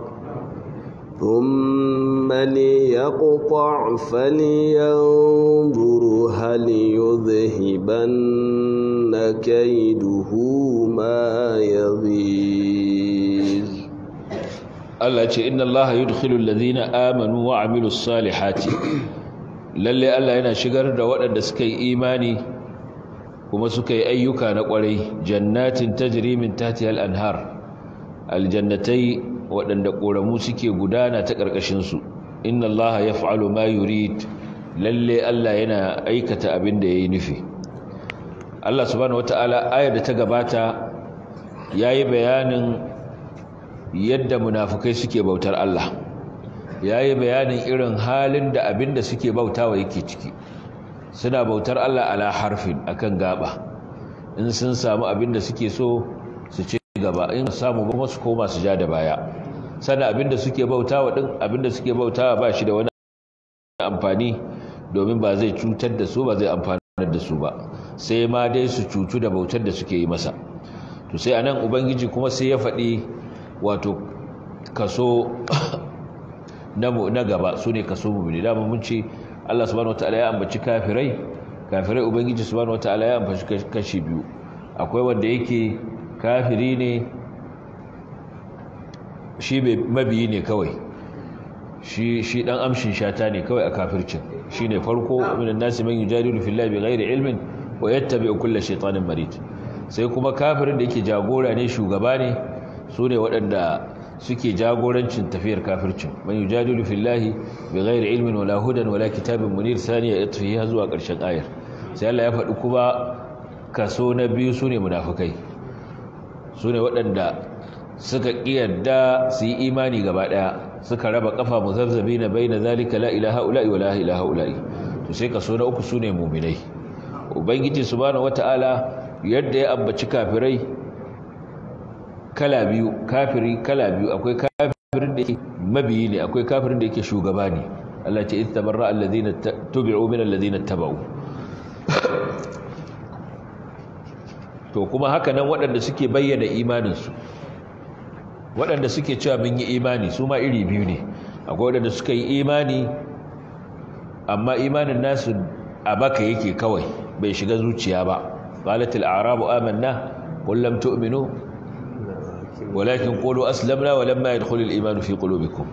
ثم من يقطع فلينظر هل يذهبن كيده ما يغيظ Allah ce inna Allah yudkhilul ladina amanu wa amilus salihati lallai Allah yana shigar da waɗanda suka yi imani kuma suka yi ayyuka na ƙwarai jannatin ta min tahtihal anhar aljannatai waɗanda ƙoramu suke gudana ta ƙarƙashinsu. inna Allah ya fa'alu ma yurid lalle Allah yana aikata abin da ya yi nufi Allah subhanahu wata'ala ayar da ta gabata ya yi bayanin yadda munafukai suke bautar Allah ya yi bayanin irin halin da abin da suke wa yake ciki suna bautar Allah ala harfin akan gaba in sun samu abin da suke so su ce gaba in samu ba su koma su ja da baya sana abinda suke wa din abinda suke bautawa ba shi da wani amfani domin ba zai cutar da su ba zai amfana da su ba sai ma dai su cutu da bautar da suke yi masa to sai anan ubangiji kuma sai ya faɗi wato kaso na gaba su ne kaso mumini dama mun ce Allah subhanahu wataala ya ambaci kafirai kafirai ubangiji subhanahu wataala ya ambaci kashi biyu akwai wanda yake kafiri ne shi mabiyi ne kawai shi dan amshin shata ne kawai a kafircin shi ne farko minan nasi man yujadilu fillahi bighairi ilmin wa yattabi'u kulla shaytanin marid sai kuma kafirin da yake jagora ne shugaba ne su ne waɗanda suke jagorancin tafiyar kafircin man yujadilu fillahi bighairi ilmin wala hudan wala kitabin munir saniya yatfiha zuwa ƙarshen ayar sai Allah ya faɗi kuma kaso na biyu sune munafukai su waɗanda suka ƙiyarda su yi imani gaba ɗaya suka raba ƙafa mu zabzabi na bai na zalika la’ila ha’ula’i wa la’ila ha’ula’i to sai so na uku su ne muminai ubangiji su subhanahu wata'ala yadda ya ambaci kafirai kala biyu kafiri kala biyu akwai kafirin da yake mabiyi ne akwai kafirin da yake shugaba ne Allah ce in tabarra alladhina tubi'u min alladhina tabau to kuma haka nan waɗanda suke bayyana imaninsu waɗanda suke cewa mun yi imani su ma iri biyu ne a waɗanda suka yi imani amma imanin nasu a baka yake kawai bai shiga zuciya ba qalatil a'rabu amanna qul lam tu'minu walakin qulu aslamna walamma yadkhulul imanu fi qulubikum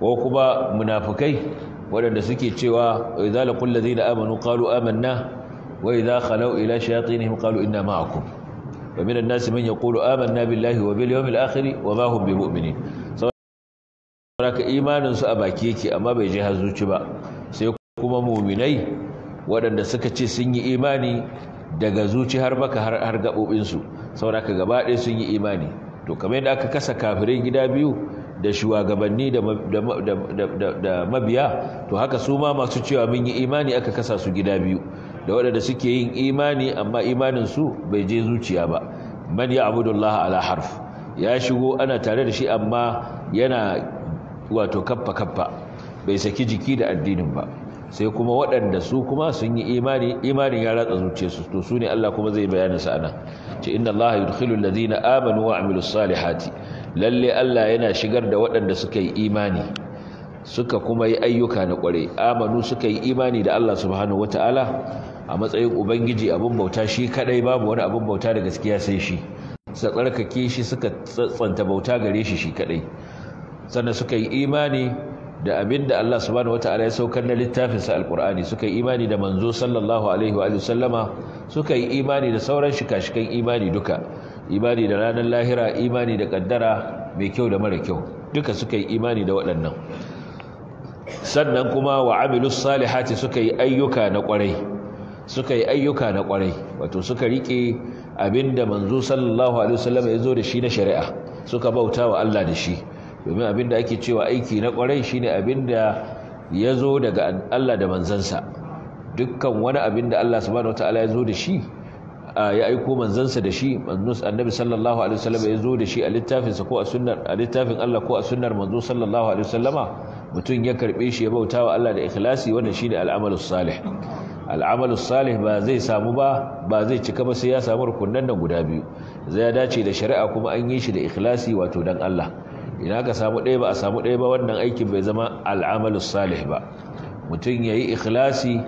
ko kuma munafikai waɗanda suke cewa idza laqul ladina amanu qalu amanna wa idza khalu ila shayatinihim qalu inna ma'akum wa minan nasi man yaqulu amanna billahi wa bil yawmil akhir wa ma hum bimu'minin saboda imanin su a baki yake amma bai je har zuci ba sai kuma mu'minai waɗanda suka ce sun yi imani daga zuci har baka har har gabobin su gaba ɗaya sun yi imani to kamar yadda aka kasa kafirai gida biyu da shugabanni da mabiya to haka su ma masu cewa mun yi imani aka kasa su gida biyu da waɗanda suke yin imani amma imaninsu bai je zuciya ba man ya abudullaha ala harf ya shigo ana tare da shi amma yana wato kaffa kaffa bai saki jiki da addinin ba sai kuma waɗanda su kuma sun yi imani imanin ya ratsa zuciyarsu to su ne Allah kuma zai bayanin su anan ce inna Allah yudkhilul amanu wa amilus salihati lalle Allah yana shigar da waɗanda suka yi imani suka kuma yi ayyuka na kware amanu suka yi imani da Allah subhanahu wataala a matsayin ubangiji abin bauta shi kadai babu wani abin bauta da gaskiya sai shi suka tsarkake shi suka tsantsanta bauta gare shi shi kadai sannan suka yi imani da abin da Allah subhanahu wata'ala ya saukar na littafinsa alkur'ani suka yi imani da manzo sallallahu alaihi wa sallama suka yi imani da sauran shikashikan imani duka imani da ranar lahira imani da kaddara mai kyau da mara kyau duka suka yi imani da waɗannan sannan kuma wa amilus salihati suka yi ayyuka na kwarai suka yi ayyuka na kwarai wato suka rike abinda manzo sallallahu alaihi wasallam ya zo da shi na shari'a suka bauta wa Allah da shi domin abinda ake cewa aiki na kwarai shine abinda ya zo daga Allah da manzansa dukkan wani abinda Allah subhanahu wataala ya zo da shi ya aiko manzansa da shi manzon annabi sallallahu alaihi wasallam ya zo da shi a littafinsa ko a sunnar a littafin Allah ko a sunnar manzo sallallahu alaihi wasallama mutum ya karbe shi ya bautawa Allah da ikhlasi wannan shine al'amalus salih al'amalus salih ba zai samu ba ba zai cika ba sai ya samu rukunan nan guda biyu zai ya dace da shari'a kuma an yi shi da ikhlasi wato dan Allah ina ka samu ɗaya ba a samu ɗaya ba wannan aikin bai zama al'amalus salih ba mutum ya yi ikhlasi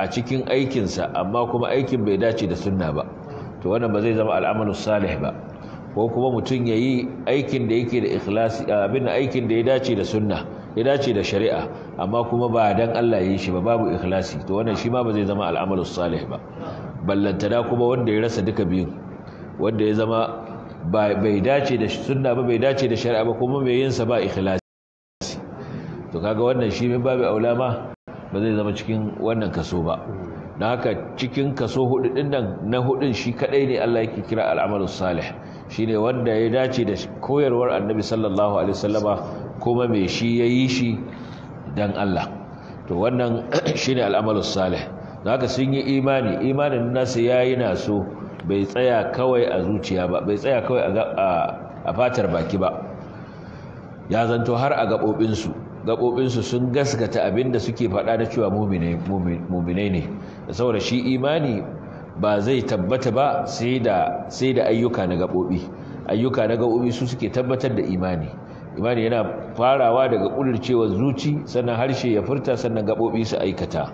a cikin aikinsa amma kuma aikin bai dace da sunna ba to wannan ba zai zama al'amalu salih ba ko kuma mutum ya yi aikin da yake da ikhlasi abin aikin da ya dace da sunna ya dace da shari'a amma kuma ba dan Allah ya yi shi ba babu ikhlasi to wannan shi ma ba zai zama al'amalu salih ba ballantana kuma wanda ya rasa duka biyun wanda ya zama bai dace da sunna ba bai dace da shari'a ba kuma mai yin sa ba ikhlasi to kaga wannan shi min babu aulama ba zai zama cikin wannan kaso ba na haka cikin kaso hudu din nan na hudun shi kadai ne Allah yake kira al'amalu salih shine wanda ya dace da koyarwar annabi sallallahu alaihi wasallama kuma me shi yayi shi dan Allah to wannan shine al'amalu salih na haka sun yi imani imanin nasu yayi naso bai tsaya kawai a zuciya ba bai tsaya kawai a fatar baki ba ya zanto har a gaɓoɓinsu gaɓoɓinsu sun gaskata abin da suke faɗa na cewa muminai ne saboda shi imani ba zai tabbata ba sai da ayyuka na gaɓoɓi ayyuka na gaɓoɓi su suke tabbatar da imani imani yana farawa daga ƙudurcewa zuci sannan harshe ya furta sannan gaɓoɓi su aikata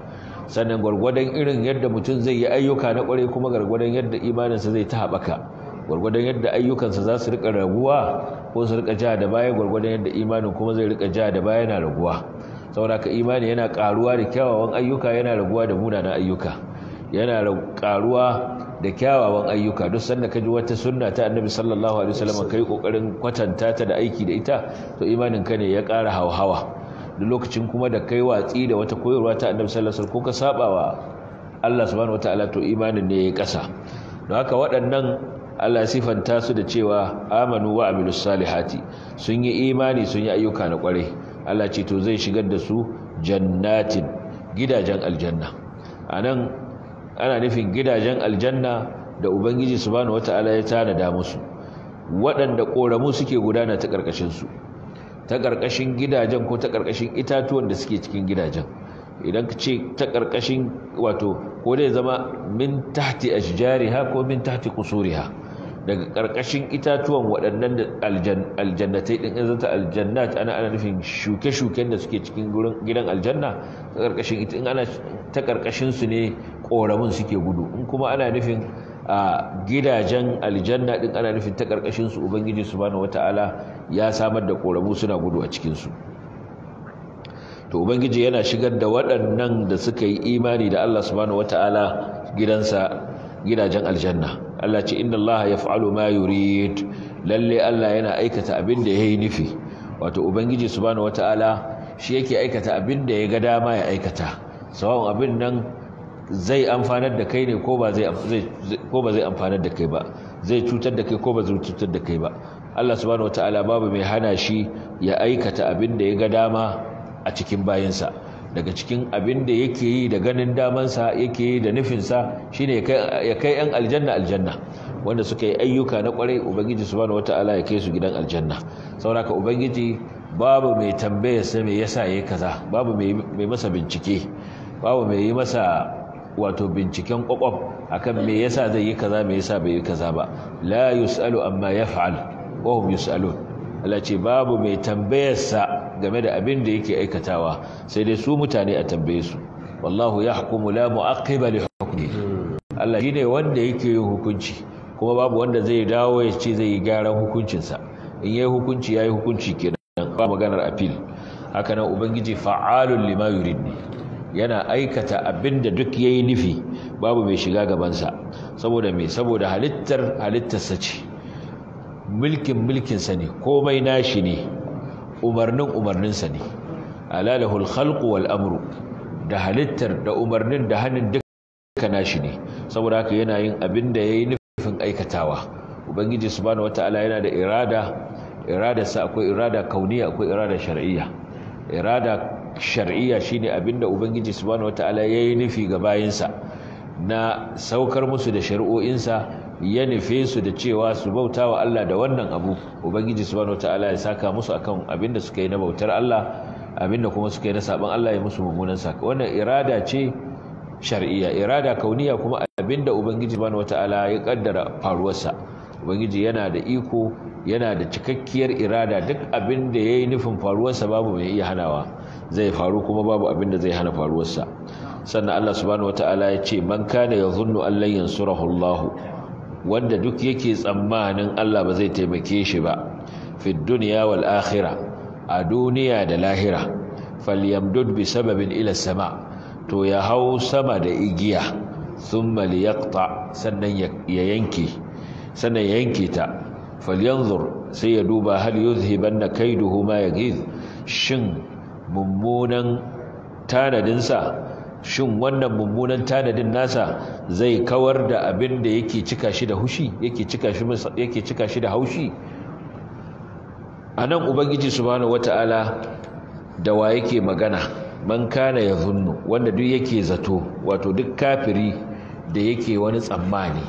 sannan gwargwadon irin yadda mutum zai yi ayyuka na ƙwarai kuma gwargwadon yadda imaninsa zai ta haɓaka gwargwadon yadda ayyukansa za su rika raguwa ko su rika ja da baya gwargwadon yadda imanin kuma zai rika ja da baya yana raguwa saboda ka imani yana karuwa da kyawawan ayyuka yana raguwa da munanan ayyuka yana karuwa da kyawawan ayyuka duk sanda ka ji wata sunna ta annabi sallallahu alaihi wasallam kai kokarin kwatanta ta da aiki da ita to imanin ka ne ya kara hauhawa duk lokacin kuma da kai watsi da wata koyarwa ta annabi sallallahu alaihi wasallam ko ka sabawa Allah subhanahu wataala to imanin ne ya kasa don haka waɗannan Allah sifanta su da cewa amanu wa amilus salihati sun yi imani sun yi ayyuka na kwarai Allah ce to zai shigar da su jannatin gidajen aljanna anan ana nufin gidajen aljanna da ubangiji subhanahu wataala ya tanada musu waɗanda ƙoramu suke gudana ta ƙarƙashin su ta ƙarƙashin gidajen ko ta ƙarƙashin itatuwan da suke cikin gidajen idan ka ce ta ƙarƙashin wato ko dai zama min tahti ashjariha ko min tahti qusuriha daga ƙarƙashin itatuwan waɗannan aljannatai ɗin in zata ana ana nufin shuke-shuken da suke cikin gidan aljanna ta ƙarƙashin ita in ana ta ƙarƙashin su ne ƙoramin suke gudu in kuma ana nufin a gidajen aljanna ɗin ana nufin ta ƙarƙashin su ubangiji su subhanahu wata'ala ya samar da ƙoramu suna gudu a cikin su to ubangiji yana shigar da waɗannan da suka yi imani da Allah subhanahu wata'ala gidansa gidajen aljanna Allah ce inna Allah yaf'alu ma yurid lalle Allah yana aikata abin da yayi nufi wato ubangiji subhanahu wataala shi yake aikata abin da ya ga dama ya aikata sawon abin nan zai amfanar da kai ne ko ba zai ko ba zai amfanar da kai ba zai cutar da kai ko ba zai cutar da kai ba Allah subhanahu wataala babu mai hana shi ya aikata abin da ya ga dama a cikin bayinsa daga cikin abin da yake yi da ganin damansa yake yi da nufinsa ne ya kai 'yan aljanna aljanna wanda suka yi ayyuka na kwarai ubangiji su wata ala ya kai su gidan aljanna sauraka ubangiji babu mai tambaya sai me yasa ya kaza babu mai masa bincike babu mai yi masa wato binciken kwakwaf akan me yasa zai yi kaza me yasa bai yi kaza ba la yusalu amma yaf'al wa hum yusalun Allah ce babu mai tambayarsa game da abin da yake aikatawa sai dai su mutane a tambaye su wallahu ya hukumu la mu'aqqiba li hukmi Allah shine wanda yake yin hukunci kuma babu wanda zai dawo ya ce zai yi gyaran hukuncinsa in yayi hukunci yayi hukunci kenan ba maganar appeal haka nan ubangiji fa'alun lima yurid yana aikata abin da duk yayi nufi babu mai shiga gabansa saboda me saboda halittar halittarsa ce mulkin mulkinsa ne komai nashi ne umarnin umarninsa ne alalahul khalqu wal amru da halittar da umarnin da hannun duka nashi ne saboda haka yana yin abin da yayi nufin aikatawa ubangiji subhanahu wataala yana da irada sa akwai irada kauniya akwai irada shar'iyya irada shar'iyya shine abin da ubangiji subhanahu wataala yayi nufi ga bayinsa na saukar musu da shari'o'insa ya nufe su da cewa su bauta wa Allah da wannan abu ubangiji subhanahu wataala ya saka musu akan abin da suka yi na bautar Allah abin da kuma suka yi na saban Allah ya musu mummunan saka wannan irada ce shar'iyya irada kauniya kuma abinda ubangiji subhanahu wataala ya kaddara faruwarsa ubangiji yana da iko yana da cikakkiyar irada duk abinda yayi nufin faruwarsa babu mai iya hanawa zai faru kuma babu abinda zai hana faruwarsa sannan Allah subhanahu wataala ya ce man kana yadhunnu an lan yansurahu Allah wanda duk yake tsammanin Allah ba zai taimake shi ba fi akhira, wal a duniya da lahira falyamdud bi sababin ila sama to ya hau sama da igiya thumma liyaqta sannan ya yanke sannan ya yanke ta falyanzur sai ya duba hal yuzhibanna kaiduhu ma yaghiz shin mummunan tanadinsa shin wannan mummunan tanadin nasa zai kawar da abin da yake cika shi da hushi yake cika shi da haushi nan ubangiji subhanahu wataala da wa yake magana man kana zunnu wanda duk yake zato wato duk kafiri da yake wani tsammani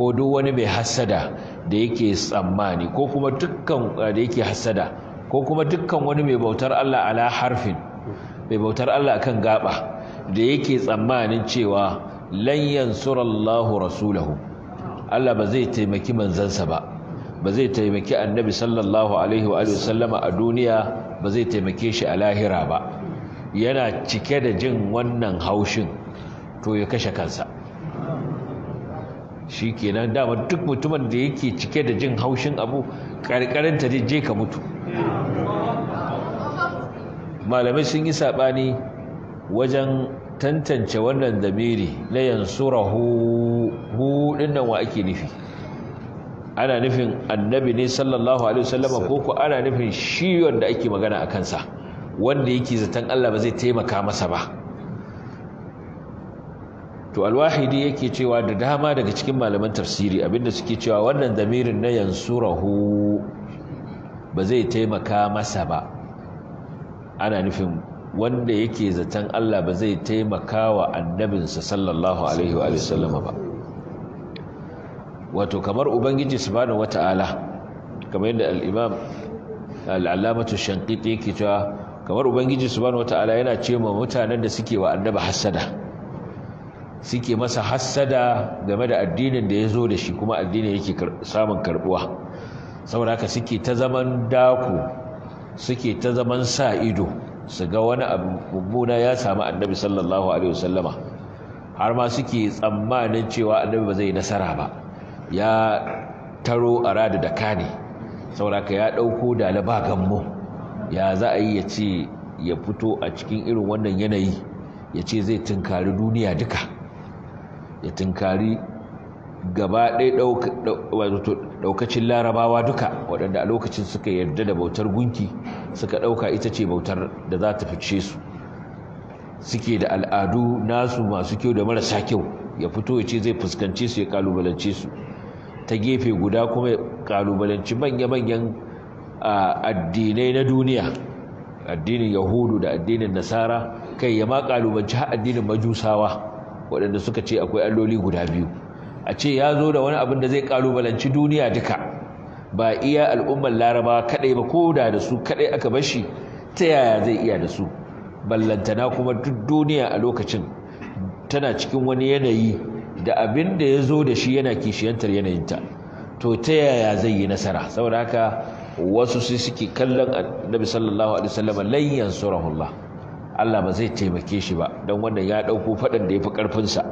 ko duk wani mai hasada da yake tsammani ko kuma dukkan eh, da yake hasada ko kuma dukkan wani mai bautar Allah ala harfin mai bautar Allah akan gaba da yake tsammanin cewa lanyan surallahu rasulahu Allah ba zai taimaki manzansa ba ba zai taimaki annabi sallallahu alaihi wa sallama a duniya ba zai taimake shi a lahira ba yana cike da jin wannan haushin to ya kashe kansa shi kenan dama duk mutumin da yake cike da jin haushin abu ƙarƙarinta je ka mutu malamai sun yi saɓani wajen tantance wannan damiri na yansurahu rahu dinnan wa ake nufi ana nufin annabi ne sallallahu alaihi wasallam ko ko ana nufin shi wanda ake magana a kansa wanda yake zaton Allah ba zai taimaka masa ba to alwahidi yake cewa da dama daga cikin malaman tafsiri abinda suke cewa wannan damirin na yansurahu ba zai taimaka masa ba ana nufin wanda yake zaton Allah ba zai taimaka wa annabinsa sallallahu alaihi wa sallama ba wato kamar ubangiji subhanahu wata'ala kamar yadda al-imam al-allamatu shanqiti yake cewa kamar ubangiji subhanahu wata'ala yana cewa mutanen da suke wa annabi hasada suke masa hasada game da addinin da ya zo da shi kuma addinin yake samun karbuwa saboda haka suke ta zaman daku suke ta zaman sa ido su ga wani abu mummuna ya samu annabi sallallahu alaihi wasallama har ma suke tsammanin cewa annabi ba zai nasara ba ya taro a rada da kane sauraka ya ɗauko da ba gammo ya za a yi ya ce ya fito a cikin irin wannan yanayi ya ce zai tunkari duniya duka ya tunkari gaba ɗaya ɗaukacin larabawa duka waɗanda a lokacin suka yarda da bautar gunki suka ɗauka ita ce bautar da za ta fice su suke da al'adu nasu masu kyau da marasa kyau ya fito ya ce zai fuskance su ya kalubalance su ta gefe guda kuma ya kalubalanci manya-manyan addinai na duniya addinin yahudu da addinin nasara kai ya ma kalubanci har addinin majusawa waɗanda suka ce akwai alloli guda biyu a ce ya zo da wani abin da zai kalubalanci duniya duka ba iya al'ummar laraba kadai ba ko da da su kadai aka bar shi ta yaya zai iya da su ballantana kuma duk duniya a lokacin tana cikin wani yanayi da abin da ya zo da shi yana kishiyantar yanayinta to ta yaya zai yi nasara saboda haka wasu sai suke kallon annabi sallallahu alaihi wasallam lan yansurahullah Allah ba zai taimake shi ba don wannan ya dauko fadan da yafi karfin sa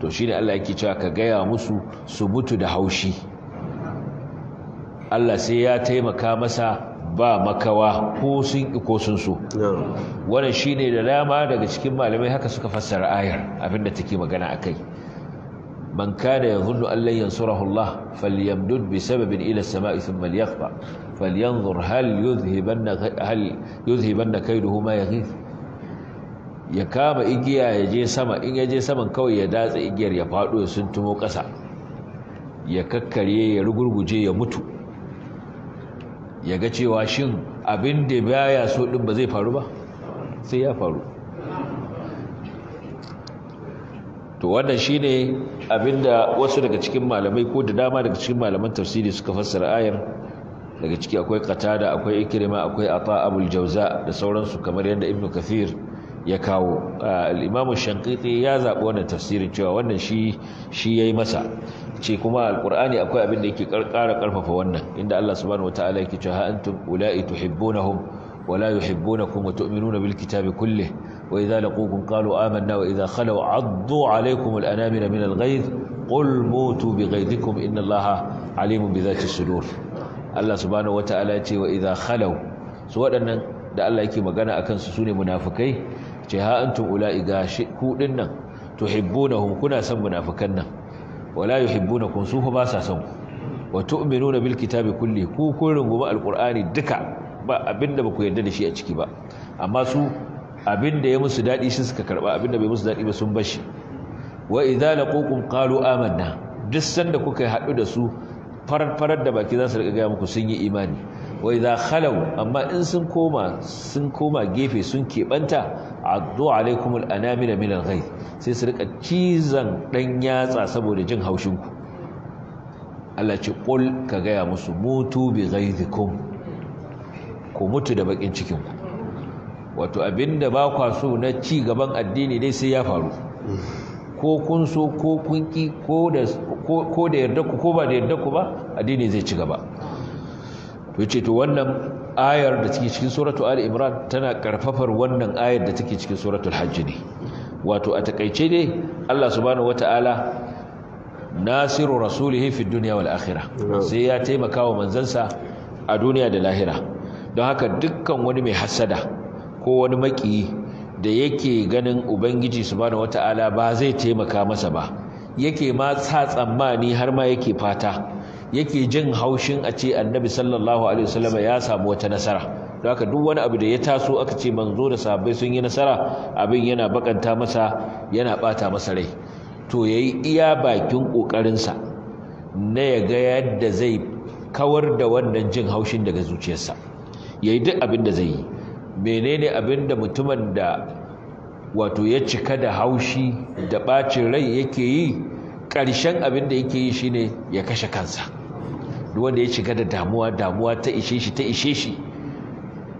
to shi ne Allah yake cewa ka gaya musu su mutu da haushi Allah sai ya taimaka masa ba makawa ko sun sun so wannan shine da dama daga cikin malamai haka suka fassara ayar abinda take magana akai man kana yadhunnu an lan yansurahu Allah falyamdud bisababin ila samai thumma liyaqfa falyanzur hal yudhhibanna hal yudhhibanna kayduhu ma yaghith ya kama igiya ya je sama in ya je saman kawai ya datsa igiyar ya faɗo ya suntumo ƙasa ya kakkarye ya rugurguje ya mutu ya ga cewa shin abin da baya so din ba zai faru ba sai ya faru to wannan shine abinda wasu daga cikin malamai ko da dama daga cikin malaman tafsiri suka fassara ayar daga ciki akwai qatada akwai ikrima akwai ata abul jawza da sauransu kamar yadda ibnu kathir ya kawo al’imamu shankiti ya zaɓi wannan tafsirin cewa wannan shi ya yi masa ce kuma alƙur'ani akwai abin da yake ƙara ƙarfafa wannan inda Allah subhanahu wa ta’ala yake cewa ha’antum ula’i tu hibbo na kuma tu na bilkita bi kulle wa iza laƙo kun kalo amin na wa khalau addu alaikum al’anami na minal gaiz ƙul mutu bi gaizikum inna Allah alimun bi zaki sudur Allah subhanahu wa ta’ala ce wa iza khalau su waɗannan da Allah yake magana akan su su ne munafukai ce ha antum ula'i ga ku dinnan tuhibbunahum kuna san munafikan nan wala yuhibbunakum su fa ba sa san ku wa tu'minuna bil kitabi kulli ku kun runguma alqur'ani duka ba abinda ba ku yarda da shi a ciki ba amma su abinda ya musu dadi shi suka karba abinda bai musu dadi ba sun bashi shi wa idza laqukum qalu amanna duk sanda kuka haɗu da su farar da baki za su riga gaya muku sun yi imani wa idza khalaw amma in sun koma sun koma gefe sun keɓanta addu alaikum anamila min al sai su rika cizan dan yatsa saboda jin haushin ku Allah ce qul ka gaya musu mutu bi ghayzikum ku mutu da bakin cikin ku wato abinda ba kwa so na ci gaban addini dai sai ya faru ko kun so ko kun ki ko da ko da yarda ku ko ba da yarda ku ba addini zai ci gaba to ce to wannan ayar da take cikin suratul ali imran tana karfafar wannan ayar da take cikin suratul hajj ne wato a takaice ne Allah subhanahu wataala nasiru rasulihi fid dunya wal akhirah sai ya taimaka wa manzansa a duniya da lahira don haka dukkan wani mai hasada ko wani maki da yake ganin ubangiji subhanahu wataala ba zai taimaka masa ba yake ma sa tsammani har ma yake fata yake jin haushin a ce annabi sallallahu alaihi wasallam ya samu wata nasara don haka duk wani abu da ya taso aka ce manzo da sahabbai sun yi nasara abin yana bakanta masa yana bata masa rai to yayi iya bakin ƙoƙarinsa na ya ga yadda zai kawar da wannan jin haushin daga zuciyarsa yayi duk abin da zai yi menene abin da mutumin da wato ya cika da haushi da bacin rai yake yi ƙarshen abin da yake yi shine ya kashe kansa duk wanda ya shiga da damuwa damuwa ta ishe shi ta ishe shi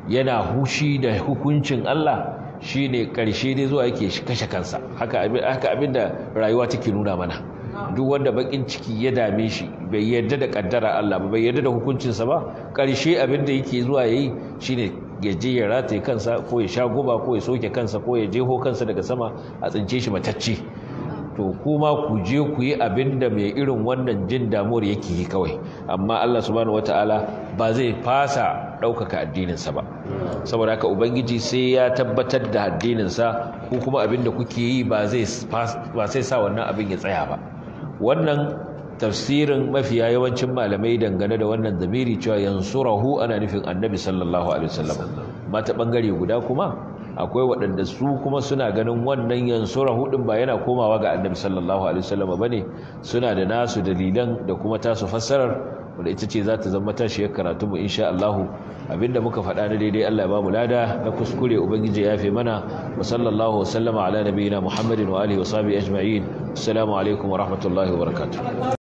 yana hushi da hukuncin Allah shine karshe dai zuwa yake kashe kansa haka abin da rayuwa take nuna mana duk wanda bakin ciki ya dame shi bai yarda da kaddara Allah ba bai yarda da sa ba karshe abin da yake zuwa yayi shine ya je ya rataye kansa ko ya sha guba ko ya soke kansa ko ya jeho kansa daga sama a tsince shi matacce to kuma ku je ku yi abin da mai irin wannan jin damuwar yake yi kawai amma Allah subhanahu wataala ba zai fasa ɗaukaka addininsa ba saboda haka ubangiji sai ya tabbatar da addininsa ko kuma abin da kuke yi ba zai sa wannan abin ya tsaya ba wannan tafsirin mafiya yawancin malamai dangane da wannan zamiri cewa yansurahu ana nufin annabi sallallahu alaihi wasallam mata bangare guda kuma akwai waɗanda su kuma suna ganin wannan yanzu rahudin ba yana komawa ga annabi sallallahu alaihi wasallam bane suna da nasu dalilan da kuma tasu fassarar wanda ita ce za ta zama tashi ya karatu mu insha Allah abinda muka faɗa na daidai Allah ya ba mu lada na kuskure ubangiji ya fi mana wa sallallahu wasallama ala nabiyina Muhammadin wa alihi wa sahbihi ajma'in assalamu alaikum wa rahmatullahi wa barakatuh